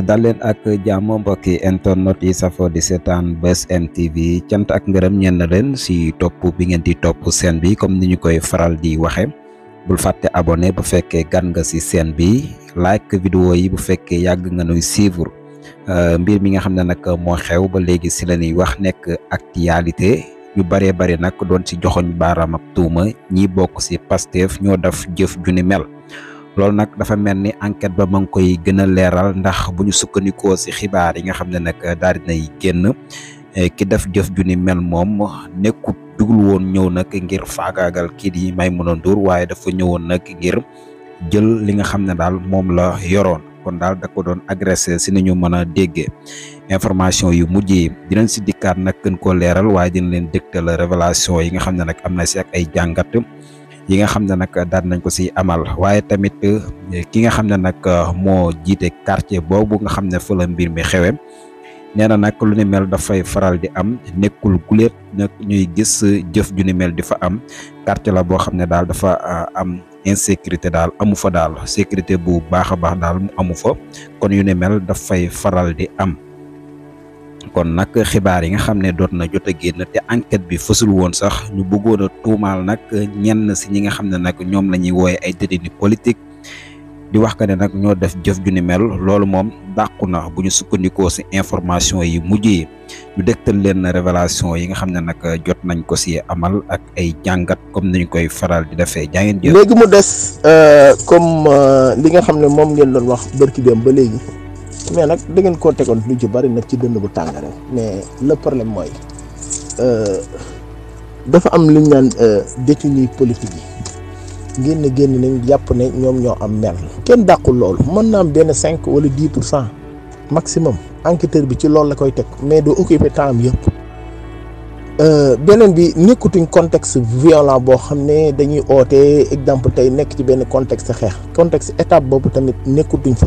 dalen leen ak baki mbokki internet yi safo di seetaan bus mtv cyant ak ñen leen si top bi ngeen di top sen bi comme niñu koy faral di waxe bul fatte abonné bu fekke gan nga ci sen bi like video yi bu fekke yag nga noy suivre eh, mbir mi nga xamne nak mo xew ba legi ci la wax nek actualité yu bare bare nak doon si joxoñ baram ak tuuma ñi bok ci Pastef ño daf jëf juni mel loolu nag dafa mel ni enquête ba ma ngi koy gën a leeral ndax bu ñu sukkandikoo ci xibaar yi nga xam ne nag daal nay génn eh, ki def jëf ju ni mel moom nekkut dugul woon ñëw nag ngir faagaagal kii di Maimouna Ndour waaye dafa ñëwoon nag ngir jël li nga xam ne daal moom la yoroon kon daal da ko doon agressé si ñu mën a déggee information yu mujj yi dinañ si dikkaat nag gën ko leeral waaye dina leen dégtal révélation yi nga xam ne nag am na si ak ay jàngat yi nga xam ne nag daan nañ ko si amal waaye tamit eh, ki nga xam ne nag eh, moo jiite quartier boobu nga xam ne fa mbir mi xewe nee na nag lu ni mel dafay faral di am nekkul guléet nag ñuy gis jëf ju ni mel di fa am quartier la boo xam ne daal dafa eh, am insécurité daal amu fa daal sécurité bu baax a baax daal mu amu fa kon yu ni mel dafay faral di am kon nak xibaar yi nga xamne dot na jotta genn te enquête bi fessul won sax ñu bëggoon a tuumaal nag ñenn ci ñi nga xamne nak ñom lañuy woy ay détenu politique di wax ka ne nak ñoo def jëf ju ni mel loolu mom dàqu na bu ñu sukkandikoo si information yi mujjé ñu dektal leen révélation yi nga xamne nak jot nañ ko ci amal ak ay jangat comme niñ koy faral di defee jangene jëf légui mu dess euh comme euh, li nga xamne mom ngeen doon wax barki dem ba légui mais nag da ngeen koo tegoon lu ju bari nag ci dënn bu tàng mais le problème mooy euh, dafa am lu ñu naan euh, détenu politique yi génn génn nañ jàpp ne ñoom ñoo am mer kenn dàqul loolu mën na am benn cinq wala dix pour cent maximum enquêteur bi ci loolu la koy teg mais du occupé temps am yëpp euh, beneen bi nekkutuñ contexte violent boo xam ne dañuy oote exemple tey nekk ci benn contexte xeex contexte étape boobu tamit nekkutuñ fa.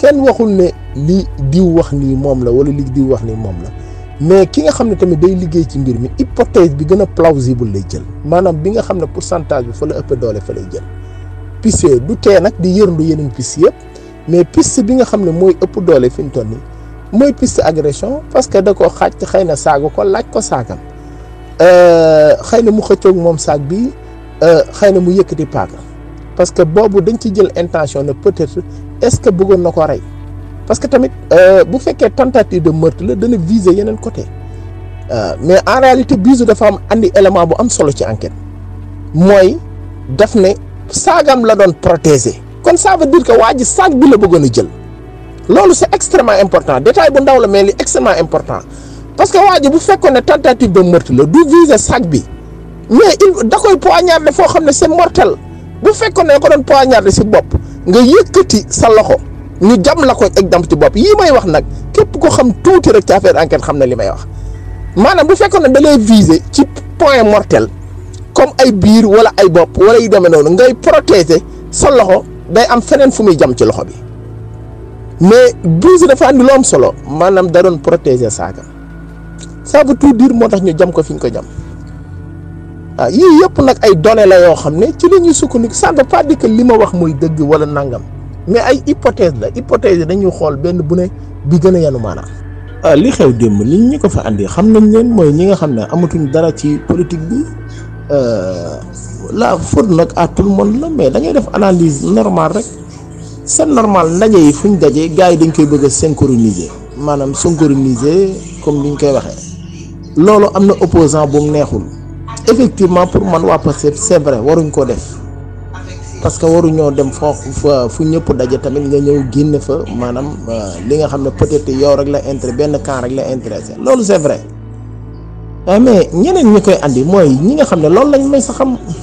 kenn waxul ne li diw wax nii moom la wala li diw wax nii moom la mais ki nga xam ne tamit day liggéey ci ngir mi hypothèse bi gën a plausible lay jël maanaam bi nga xam ne pour pourcentage bi fa la ëpp doole fa lay jël piste du tee nag di yërndu yeneen piste yëpp mais piste bi nga xam ne mooy ëpp doole fi mu toll nii mooy piste agression parce que da ko xaaj xëy na saaga ko laaj ko saagam euh, xëy na mu xëccoog moom saag bi euh, xëy na mu yëkk di paaka parce que boobu dañ ci jël intention ne peut-être est-ce que bëggoon na ko rey parce que tamit euh, bu fekkee tentative de meurtre la dana viser yeneen côté euh, mais en réalité bise dafa am andi élément bu am solo ci enquête mooy daf ne saagam la doon protéger kon ça veut dire que waa ji saag bi la bëggoon a jël loolu c'est extrêmement important détail bu ndaw la mais li extrêmement important parce que waa ji bu fekkoon ne tentative de meurtre la du viser saag bi mais il da koy poignarder foo xam ne c'est mortel bu fekkoon ne ko doon poignarder si bopp nga yëkkati sa loxo ñu jam la ko exemple si bopp yi may wax nag képp ko xam tuuti rek ci affaire enquête xam na li may wax maanaam bu fekkoon ne da lay viser ci point mortel comme ay biir wala ay bopp wala yi demee noonu ngay protéger sa loxo day am feneen fu muy jam ci loxo bi mais brise dafa andi lu am solo maanaam da doon protéger saaga ça veut tout dire moo tax ñu jam ko fi ñu ko jam. ah yii yépp nag ay dole la yoo xam ne ci la ñuy sukkandiku ça ne veut pas dire li ma wax mooy dëgg wala nangam mais ay hypothèse la hypothèse yi dañuy xool benn bu ne bi gën a yanu maanaam. Ah, li xew démb li ñu ko fa andi xam nañ leen mooy ñi nga xam ne amatuñ dara ci politique bi euh, la faute nag à tout le monde la mais da ngay def analyse normale rek seen normal ndaje yi ñu dajee gars yi dañ koy bëgg a synchroniser maanaam synchroniser comme ni ñu koy waxee loolu am na opposant bu mu neexul. effectivement pour man c'est vrai parce que dem ñëpp tamit nga ñëw fa manam euh, li nga xamné peut-être yow rek la intérêt rek la intéressé c'est vrai ah, mais ñeneen ñi koy andi ñi a xam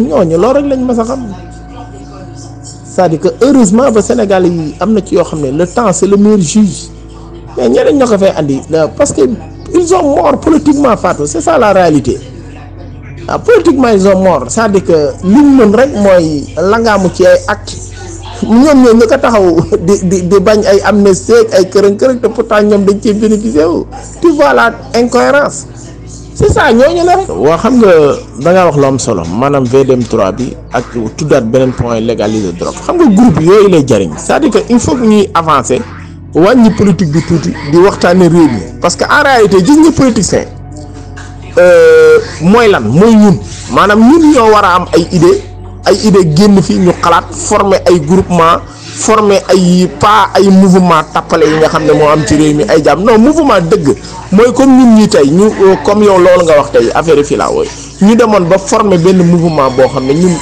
ñu rek xam cest à que heureusement Sénégal le temps c'est le meilleur juge mais ñeneen fay andi euh, parce que ils ont mort politiquement c'est ça la réalité. Ah, politiquement ils sont mort ça à dire que li ñu mën rek mooy langaamu ci ay acte ñom ñoo ñu ko taxaw di di di bañ ay amnistie ak ay kërën kërën te pourtant ñom dañ ci bénéficier wu tu vois la incohérence c'est ça ñoo ñu la rek. xam nga da nga wax lu am solo manam VDM 3 bi ak tudat benen point légaliser drogue xam nga groupe yooyu lay jariñ c'est-à-dire que il faut que ñuy avancer wàññi politique bi tuuti di waxtaanee réew mi parce que en réalité gis nga politiciens Euh, mooy lan mooy ñun maanaam ñun ñoo war a am ay idée ay idée génn fii ñu xalaat former ay groupement former ay pas ay mouvement tappale yi nga xam ne moo am ci réew mi ay jàmm non mouvement dëgg mooy comme ñun ñi tey euh, comme yow loolu nga wax tey affaire filaawo yi ñu demoon ba former benn mouvement boo xam ne ñun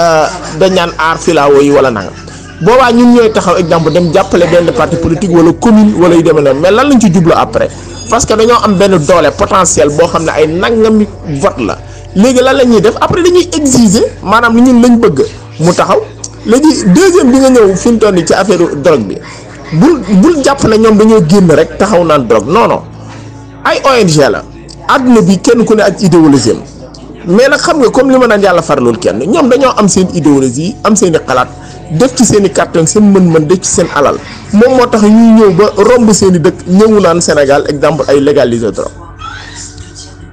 euh, dañaan aar filaawo yi wala nanga boobaa ñun ñooy taxaw exemple dem jàppale benn parti politique wala commune wala yu demee noonu mais lan lañ ci jublu après parce que dañoo am benn doole potentiel boo xam ne ay nangami vote la léegi lan la ñuy def après dañuy exiger maanaam li ñun lañ bëgg mu taxaw léegi deuxième bi nga ñëw fi mu toll ci affaire drogue bi bul bul jàpp ne ñoom dañoo génn rek taxaw naan drogue non non ay ONG la àdduna bi kenn ku ne ak idéologie mais nag xam nga comme li ma naan yàlla faralul kenn ñoom dañoo am seen idéologie am seen xalaat. def ci seen i kàttan seen mën-mën def ci seen alal moom moo tax ñu ñëw ba romb seen i dëkk ñëwu naan Sénégal exemple ay légaliser drogue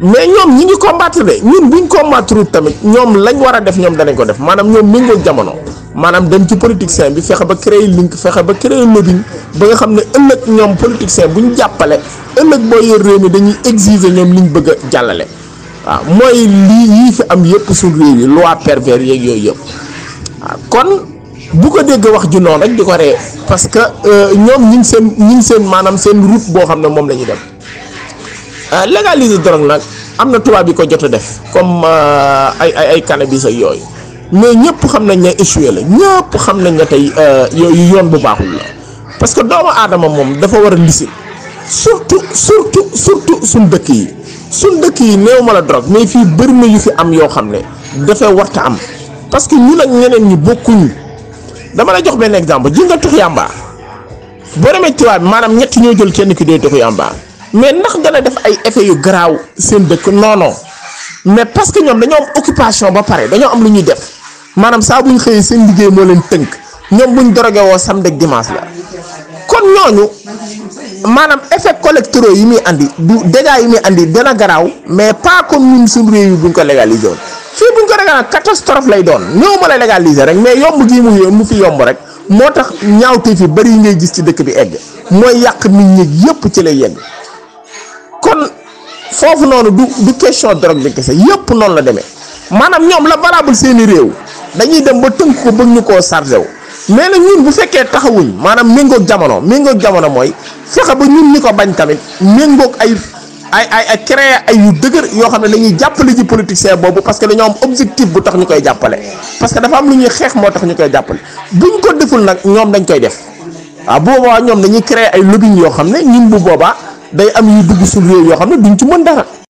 mais ñoom ñi ngi combattre de ñun buñ combattre tamit ñoom lañ war a def ñoom danañ ko def maanaam ñoom méngoog jamono maanaam dem ci politicien bi fexe ba créer link fexe ba créer lobbying ba nga xam ne ëllëg ñoom politicien bu ñu jàppale ëllëg boo yor réew mi dañuy exiger ñoom liñ bëgg a jàllale waaw mooy lii yii fi am yëpp suñ réew yi yeeg yooyu yëpp bu ko dégg wax ju noonu rek di ko ree parce que euh, ñoom ñu seen ñu seen maanaam seen route boo xam ne moom lañuy dem euh, légaliser drogue nag am na tubaab yi ko jot a def comme euh, ay ay ay cannabis ak yooyu mais ñëpp xam nañ ne échoué la ñëpp xam nañ ne tey yooyu yoon bu baaxul parce que doomu aadama moom dafa war a lisin surtout surtout surtout suñ dëkk yi suñ dëkk yi néew ma la mais fii bëri na yu fi am yoo xam ne dafay warta am parce que ñun ak ñeneen ñi bokkuñ. dama la jox benn exemple ji nga tux yàmba boo demee tubaab bi maanaam ñetti ñoo jël kenn ki dee tux yàmba mais ndax dana def ay effet yu garaaw seen dëkk non non mais parce que ñoom dañoo am occupation ba pare dañoo am lu ñuy def maanaam saa bu ñu xëyee seen liggéey moo leen tënk ñoom bu ñu dorogee woo samedi ak dimanche la kon ñooñu maanaam effet collectoraux yi muy andi du dégâts yi muy andi dana garaaw mais pas comme ñun suñu réew yi bu ñu ko légaliser fii bu ñu ko régalé catastrophe lay doon néew ma lay légaliser rek mais yomb gii mu yomb mu fi yomb rek moo tax ñaaw ñaawte fi bëri yi ngay gis ci dëkk bi egg mooy yàq nit ñi yëpp ci lay yegg kon foofu noonu du du question drogue bi kese yëpp noonu la demee maanaam ñoom la valable seeni réew dañuy dem ba tënk ko bëgg ñu ko chargé wu mais nag ñun bu fekkee taxawuñ maanaam méngoog jamono méngoog jamono mooy fexe ba ñun ñi ko bañ tamit méngoog ay. ay ay ay créer ay yu dëgër yoo xam ne lañuy jàppale ji politicien boobu parce que dañoo am objectif bu tax ñu koy jàppale parce que dafa am lu ñuy xeex moo tax ñu koy jàppale buñ ko deful nag ñoom dañ koy def waaw bu boobaa ñoom dañuy créer ay lobbying yoo xam ne ñun bu boobaa day am yu dugg suñu réew yoo xam ne duñ ci mën dara.